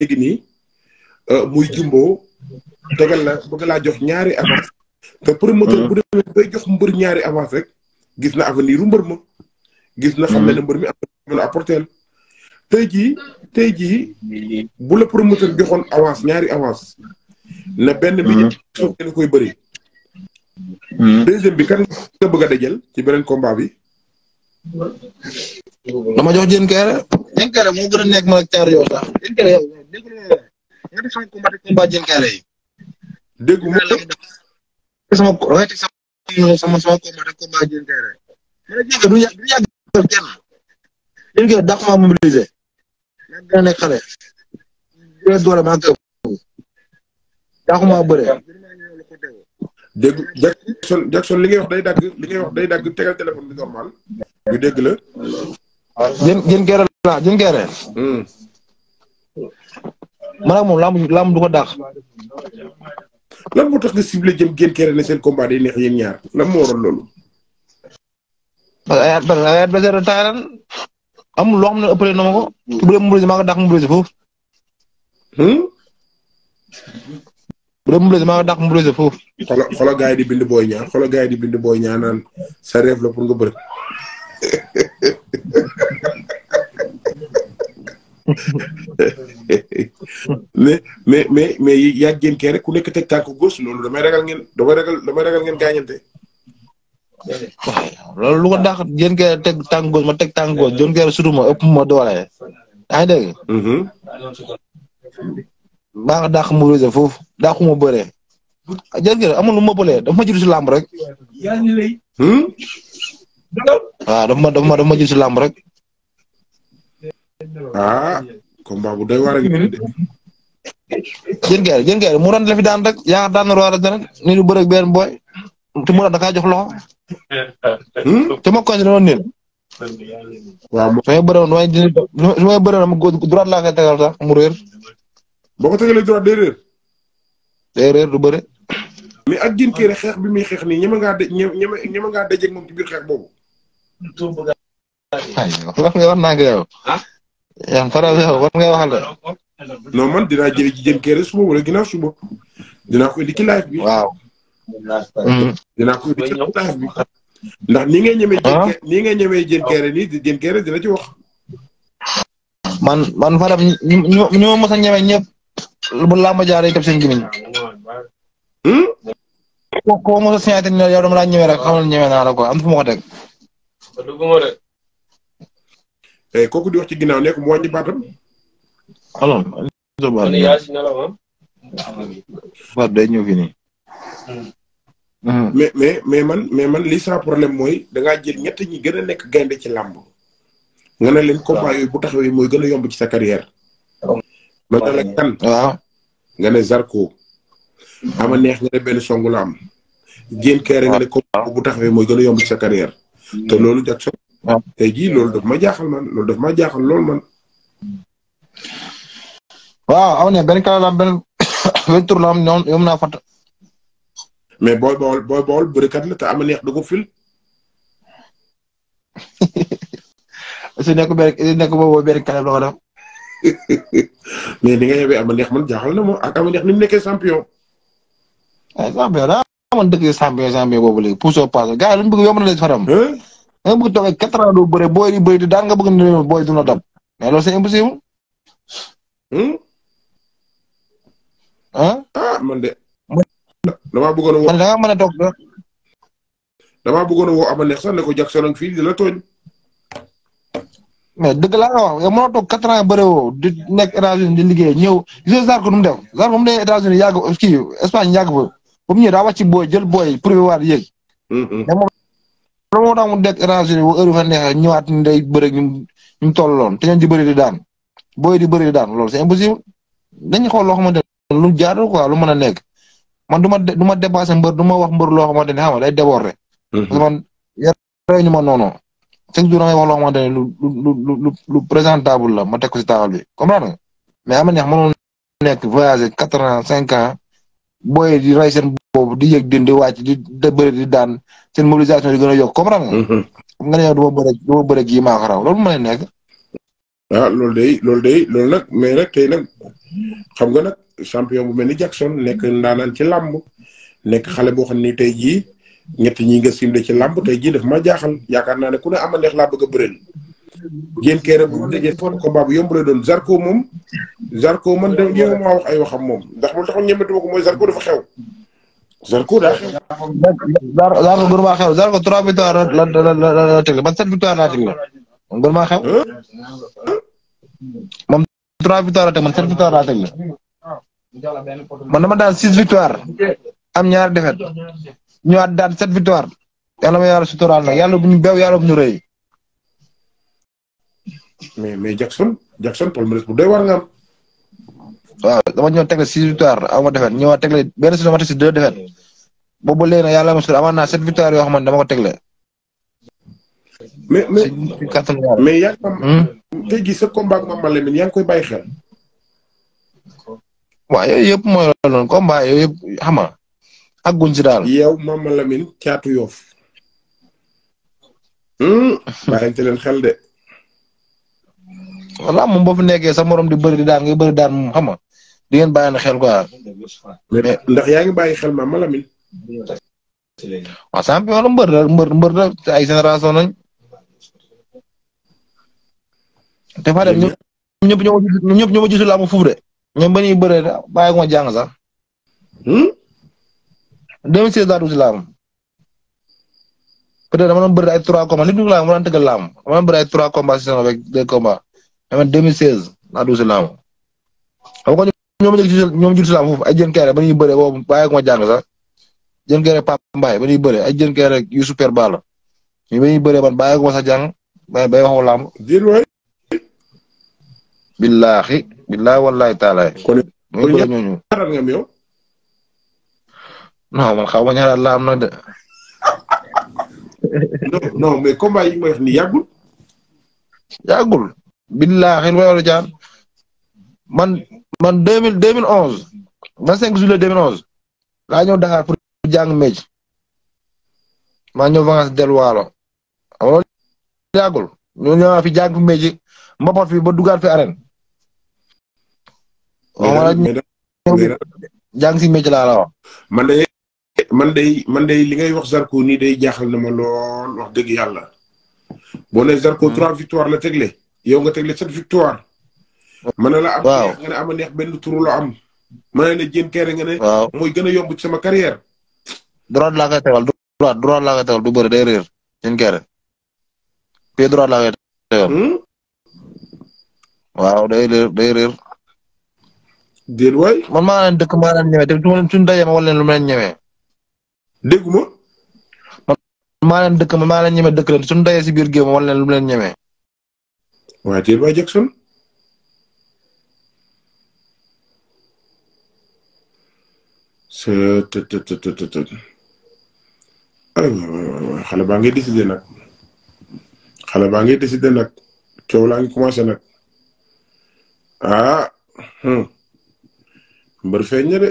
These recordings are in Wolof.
léegi nii euh, muy jumbo dagal la bëgg laa jox ñaari avance te promoteur mmh. bu demee bay jox mbër ñaari avance rek gis na avenir u mbër ma gis na xam ne ne mmh. mbër mi am apporteel tey jii tey jii bu la promoteur joxoon avance ñaari avance na benn bi ñëpp mmh. kenn koy bëri deuxième bi kan nga bëgg a ci beneen combat bi dama jox jën moo gën nekk ma ak sax déggu ma nga sama combat ak combat jën gaale yi. déggu ma sama sama sama combat ak ne a nekk xale jëlee doole maa ko dàq maa bëre dégg li ngay wax day dagg li ngay wax day dagg tegal téléphone bi normal ñu dégg la jën jën maanaam moom lamb lamb du ko dàq. lan moo tax nga ciblé jëm génn kere ne seen combat day neex yéen ñaar lan moo waral loolu. parce que ay adversaire taay amul loo xam ne ëppale na ma ko. bu dee mobilisé maa ngi ko dàq mobilisé foofu. Hmm? bu dee mobilisé maa ngi ko dàq mobilisé xolo xolo di bind booy ñaar xolo gars di bind booy ñaar naan sa rêve la pour nga bëri. mais mais mais mais yaag géen kee rek ku nekk teg tànk gauche loolu damay ragal ngeen damay ragal ragal ngeen lu ko dàq géen kee tek tànk gauche ma teg tànk gauche joon kee sutu ma ëpp ma doole yaa ngi dégg mm-hmm. baa nga mu rusé amul lu ma bëlee dafa ma jiitu si làmb rek hmm? waaw dafa rek ah combat bu doy waar a ngi de jën geer mu ron la fi rek yaa daan roo rek rek ni lu bërëg benn booy te mu da kaa jox loxo te ma continué woon nii waaw su may bëre woon waaye dina su may bëre woon droite laa koy tegal sax mu réer boo ko tegalee droite day réer day du ak rek bi ci ay wax nga wax nga yow yaa ngi faral di xew war ngay waxal de. man dinaa jëli ji jën kër suba wala ginnaaw suba dinaa ko indi ci live bi. waaw. Mm-hmm. Mm-hmm. dinaa ndax ni ngay ñemee. ah ni ngay ñemee jën kër nii jën kër dina ci wax. man man Fadam ñu ñu ñu ma mos a ñeme ñëpp bu làmb jaaree képp seen gimiñ. Hmm? ko ko mos a signaté yow dama laa ñeme rek xamal ñeme naa eh koku di wax ci ginaaw nek mo mu batam alon do ba ni yasi nelaw am. Ah? ba day ñu fini hmm. hmm. mais mais mais man mais man li sa problème moy da nga jël ñet ñi gëna nek gënd ci lamb nga ne leen combat yu bu taxawé moy gëna yomb ci sa carrière. ma ne la kan. nga ne Zarko. ama neex nga ne songu lamb am. jéen nga ne combat bu taxawé moy gëna yomb ci sa carrière. te lolu Jackson Ah, tey jii loolu daf ma jaaxal man lool daf ma jaaxal lool man. waaw aw ne benn kàlla benn benn tur la am ñoom ñoom naa fàtt. mais booy bool booy bool bërikat la te ama neex da ko fil. su nekk benn su nekk boobu benn kàlla la ko def. ama neex man jaaxal na mo ak ama neex ni mu nekkee champion. Eh, champion daa amoon dëkk champion champion boobu léegi puso paase gars yi lu ñu bëgg yomb na leen faram. nga bëgg toog ak quatre ans doo bëre booy di bëri daan nga bëgg ne leen booy dina dab mais loolu c'est impossible. Hmm? ah man de. damaa bëggoon a woo man da ngaa mën a toog de. damaa bëggoon a woo ama neex fii di la tooñ. mais dëgg laa nga wax yow mënoo toog quatre ans bëre woo di nekk États-Unis di liggéey ñëw gis Zarko nu mu def Zarko mu ne États-Unis yàgg kii Espagne yàgg fa ba mu ñëw daa wàcc booy jël booy pour bi waat yéeg. Hmm, hmm. loolu moo tax mu dekk éranger bu heure fa neexee ñëwaat ñu day bëri ñu ñu tolloon te ñooñu di bëri di daan booy di bëri di daan loolu c'est impossible dañuy xool loo xamante ne lu jaadu quoi lu mën a nekk man du ma du ma dépassé mbër du ma wax mbër loo xamante ne xam nga day déborder. parce man yàlla ñu ma noonu chaque jour da wax loo xamante ne lu lu lu lu lu présentable la ma teg ko si taabal bi comprendre nga mais am na ñax mënoon nekk voyager quatre ans cinq ans booy di rey seen boobu di yëg dindi wàcc di da bëri di daan seen mobilisation di a yokk comprendre nga. Mhm. nga ne yow du ma na nekk. ah loolu day loolu day loolu nag mais nag tey nag xam nga na champion bu mel ni Jackson nekk ndaanaan ci làmb nekk xale boo xam ni tey jii ñett ñi nga simle ci làmb tey jii daf ma jaaxal yaakaar na ne ku ne ama neex laa bëgg a bëreel. jéem kii rek bu ñu dajee fon combat bu yomb lay doon Zarko moom. Zarko man de ñëw maa wax ay waxam moom Zarko daa xew. Zarko guruma xew Zarko trois victoire la la la la teg la man sept victoire laa teg man guruma xew. moom trois victoire la teg man sept victoire laa teg man dama daan six victoire am ñaari défaite ñëwaat daan sept victoire yàlla ma yàlla suturaal nag yàlla bu ñu beew yàlla bu ñu rëy. mais Jackson Jackson palmarès bu doy war waaw dama ñëw tegle six victoire awma defet ñëwaat tegle benn saison ma defet boobu léegi nag yàlla mosul amaan naa sept victoire yoo xamante dama ko tegle. mais mais mais yaa ngi hmm? tey jii sa combat koy bay xel. waaw yooyu yëpp mooy loolu noonu combat yooyu yëpp xam nga àgguñ si daal. yow Mama Lamine caatu yoof. Hmm? bàyyante leen xel de. voilà moom boo fi nekkee sa morom di bëri di daan ngay di ngeen bàyyi na xel quoi. mais ndax yaa ngi bàyyi xel ma Malamine. waaw champion la mbër ay génération lañ. te Fadel ñoom ñëpp ñoo ma ñoom ñëpp ñoo ma gisul laa ma fuuf de ñoom ba ñuy bëree bàyyi ko ma jàng sax. 2016 hmm? daa dugg si avec deux combats. dama 2016 daa dugg si ñoom ñoom ñoom jur si laam foofu ay jën kay rek ba ñuy bëree boobu bàyyi ak ma jàng sax jën kay rek Pape Mbaye ba ay jën kay rek yu super baal la mais ba ñuy bëree man bàyyi ak ma sax jàng bay bay waxu laam. jël waay. billaahi billaahi wallaahi man xaw ma ñaanal laam na de. non non mais combat yi may wax billaahi lu may jaan man man deux mille deux mille onze vingt cinq juillet deux mille onze laa ñëw Dakar pour jàng méj maa ñëw vacances delluwaalo xam loolu yàggul ñu fi jàng fi méj mbapat fi ba dugaat fi arène. jàng si méj laa la wax. man de li ngay wax Zarko nii day jaaxal na ma lool wax dëgg yàlla boo nee Zarko hmm. trois victoire la tegle yow nga tegle sept victoire. mën na la am neex nga ne ama neex benn turu la am mën na la jéem kere nga ne waaw mooy gën a yomb sama carrière droite laa koy tegal droite droite laa koy tegal du bëri day réer jéem kere pied droite laa koy tegal hmm? waaw day réer day réer déet waay man maa dëkk maa lu ma leen ñëwee dëkk ma maa leen ñeme dëkk leen suñu dayee si biir géew wala leen lu mu leen ñemee. waaye Jackson. stttt aywa xale baa ngi décidé nag xale baa ngi décidé nag coow laa ngi commencé nag ah hmm. mbër feeñ na de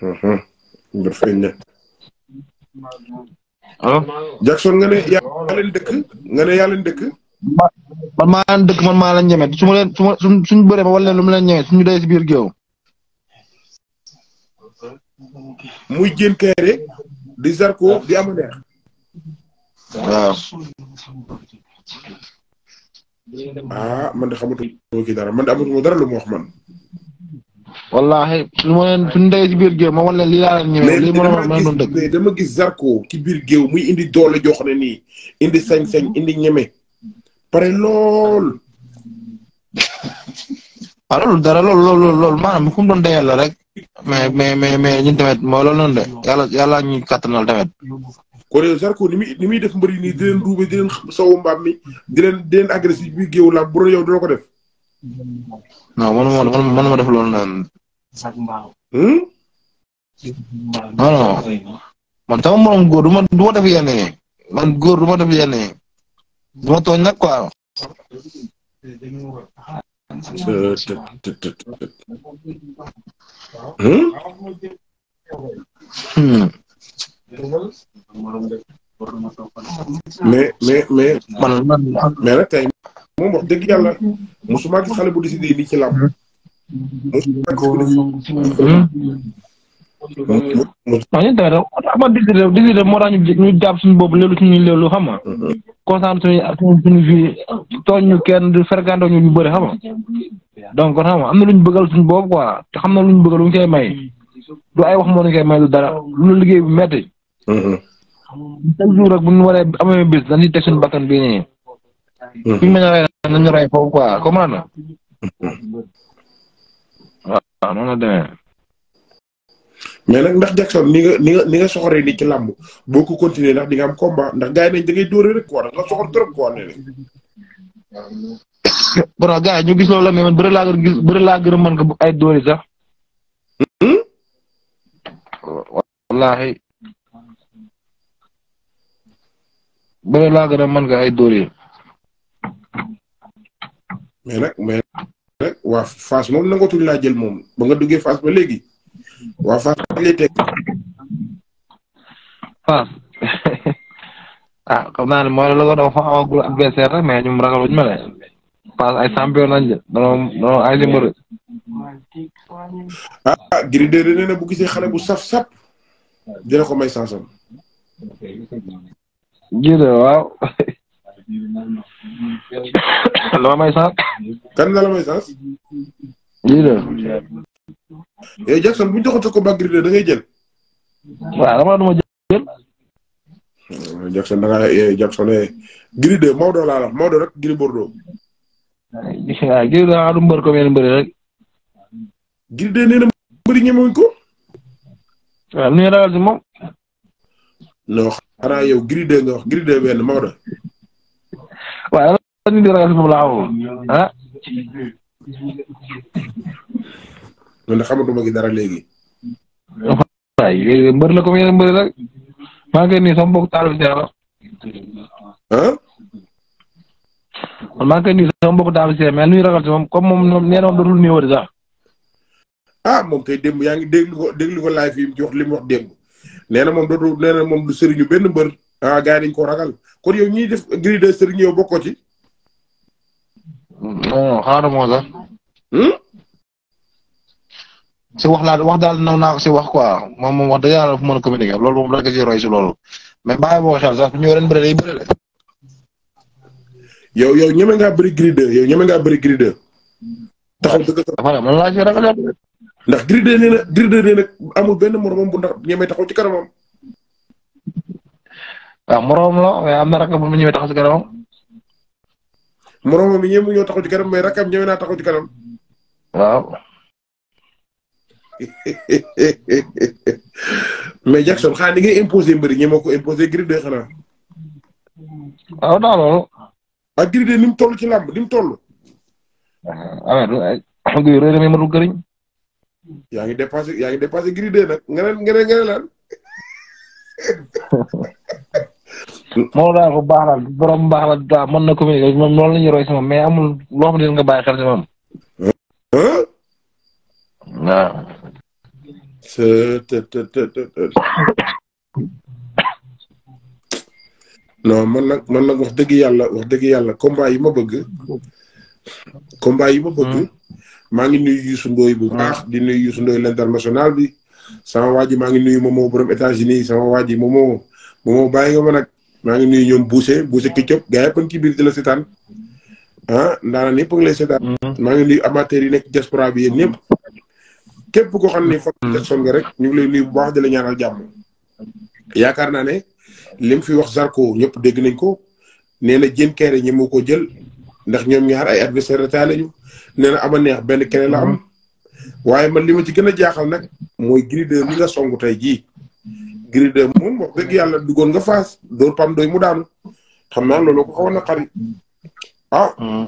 hmm, hmm. mbër feeñ na ah, Jackson nga ne yaa leen dëkk nga ne yaa leen dëkk man maa leen dëkk man maa leen ñeme su ma leen su ma wala leen lu mu leen suñu dee si biir géew muy jën kayre di Zarko di am waaw. ah man de xamatu ma man de amatuma dara lu mu wax man. wallahi lu ma leen suñu dee ci biir géew ma wan leen lii laa leen ñëwee ma gis Zarko ci biir géew muy indi doole jox ne indi sañ-sañ indi ñeme pare lool. waaw loolu dara loolu loolu loolu maanaam fu mu doon dayal la rek mais mais mais mais ñun tamit moo loolu noonu de yàlla yàlla ñuy kattanal tamit. kon yow Zarko ni muy ni muy def mbër yi nii di leen duube di leen sowu mbaam mi di leen di leen agressif bi géew la bu yow dina ko def. non man man man ma def loolu noonu. Hmm? non non man sama morom góor ma du ma def yenn yi man góor du ma def yenn yi du ma tooñ mais mais mais man mais nag tey moom wax dëgg yàlla mosuma gis xale bu décidé lii ci làmb mosuma gis waaw ñun tamit xam nga discuter discuter moo tax ñu ñu jàpp suñu boobu léelu suñu léelu xam nga. Mm-hmm. concentré suñu suñu tooñ ñu kenn du fréquenté ñu bëri xam nga donc xam nga am na lu ñu bëggal suñu boobu quoi xam na lu ñu bëggal lu ñu koy may du ay wax moo ñu koy may dara lu liggéey bu metti. Mm-hmm. chaque jour rek bu ñu waree mm-hmm. fi ñu mën a foofu quoi comprendre nga. noonu la mais nak ndax Jackson ni nga ni nga soxore nga ni ci lamb boo continuer nak di nga am combat ndax gaay nañ da ngay dóore rek quoi nga soxor trop quoi ne bro gaay ñu gis loolu la mais man bëri laa gën gis bëri laa gën a mën ay doori sax. wallahi bëri la gën man nga ay doori hmm? mais nak mais nag waa Fass moom nangatuñ laa jël mom ba nga duggé Fass ba légui waa facilité. waaw ah xam naa ne mooy loolu dafa amagul adversaire rek mais ñum ragal wuñ ma ne parce ay champion lañ jël ay mbër. ah Gris 2 nee na bu gisee xale bu saf-saf dina waaw. la may sans. kan la la may sans. Gris yooyu eh, Jackson bu ñu joxoon sa combat Gris 2 da ngay jël. waaw dama dama jël. Eh, Jackson da ngaa eh, Jackson Gris 2 Maodo rek Gris Bordeaux. gis nga Gris 2 ah du mbër comme si moom. non xanaa yow Gris 2 nga wax Gris 2 benn Maodo. waaw lan si moom laa xamul man de xamatuma gi dara léegi. waaw léegi mbër la comme yeneen mbër la maa ngi koy nuyu sama mbokk taalibe Seex ah. man maa ngi koy nuyu sama mbokk taalibe moom comme moom nee na moom dootul nuyu wër sax. ah moom kay démb yaa ngi déglu ko déglu ko live yi lim wax li mu na moom dootul nee moom du sëriñu benn mbër ah gars yi dañu koo ragal kon yow ñuy def grille de sëriñ yow bokkoo ci. sax. Hmm? ci wax la wax dal naw naa ci wax quoi mom mom wax dëgg yalla fu mën a communiquer loolu moom rek ci roy ci lolou mais baye bo xal sax fu ren bëri day bëri yow yow ñeme nga bëri Gris 2 yow ñeme nga bëri Gris taxaw deug sa. dafa man ci ragal ndax Gris 2 nee na Gris 2 amul benn bu ndax ñeme taxaw ci ah, morom la way am bu ñeme taxaw ci morom mi ñeme ñoo taxaw ci karam mais rakam ñeme na taxaw ci karam waaw. mais Jackson xanaa ni ngay imposer mbëri ko imposer Gris 2 xanaa. waaw daa loolu. ak Gris ci làmb ni tol toll. ah xam nga réer mi matul yaa ngi dépassé yaa ngi dépassé Gris 2 nag nga ne nga ne nga moo daal ko baax la daa mën na communiquer moom loolu la ñuy si moom mais amul loo xam ne xel si moom. waaw. non man nag man nag wax dëgg yàlla wax dëgg yàlla combat yi ma bëgg. combat yi ma bëgg. Hmm. maa ngi nuyu Youssou Ndoye bu hmm. baax di nuyu Youssou Ndoye l'international bi. sama waa maa ngi nuy Momo borom États-Unis sama waa ji Momo Momo bàyyi nga ma maa ngi nuy ñoom Bousse Bousse hmm. Kitchop gars yëpp a ngi ci biir di la seetaan ah ndaanaan yëpp a ngi lay seetaan. maa ngi nuyu amateurs yi nekk diaspora bi yéen ñëpp. képp ko xam ne mm. fan Jackson nga rek ñu ngi lay nuyu bu baax di la ñaanal yaakaar naa ne lim fi wax Zarko ñëpp dégg nañ ko nee na Diène Kairé ñi moo ko jël ndax ñoom ñaar ay adversaire ta lañu nee na a neex benn keneen la am waaye man li ma ci gën a jaaxal nag mooy Gris 2 mi nga songu tey jii Gris 2 moom wax dëgg yàlla duggoon nga faas dóor pam doy mu daanu xam naa loolu ko xaw na xari ah mm.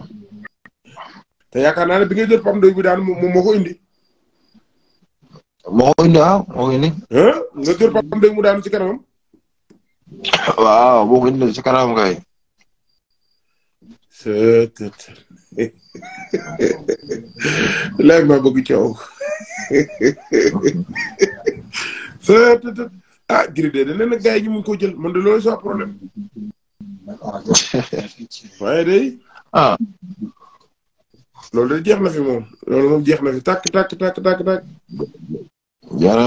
te yaakaar naa ne bi nga pam doy bi daanu moo ko indi moo ko indi waaw moo ko indi. nga jël Papa Mbengue mu daanu ci kanamam. waaw moo ko indi ci kanamam kay. léegi maa bëgg coow. ah Gris de nee na gars yi ñu mun koo jël man de loolu sa problème. waaye day. ah. loolu de jeex na fi moom loolu moom jeex na fi tàkk tàkk tàkk tàkk Yeah.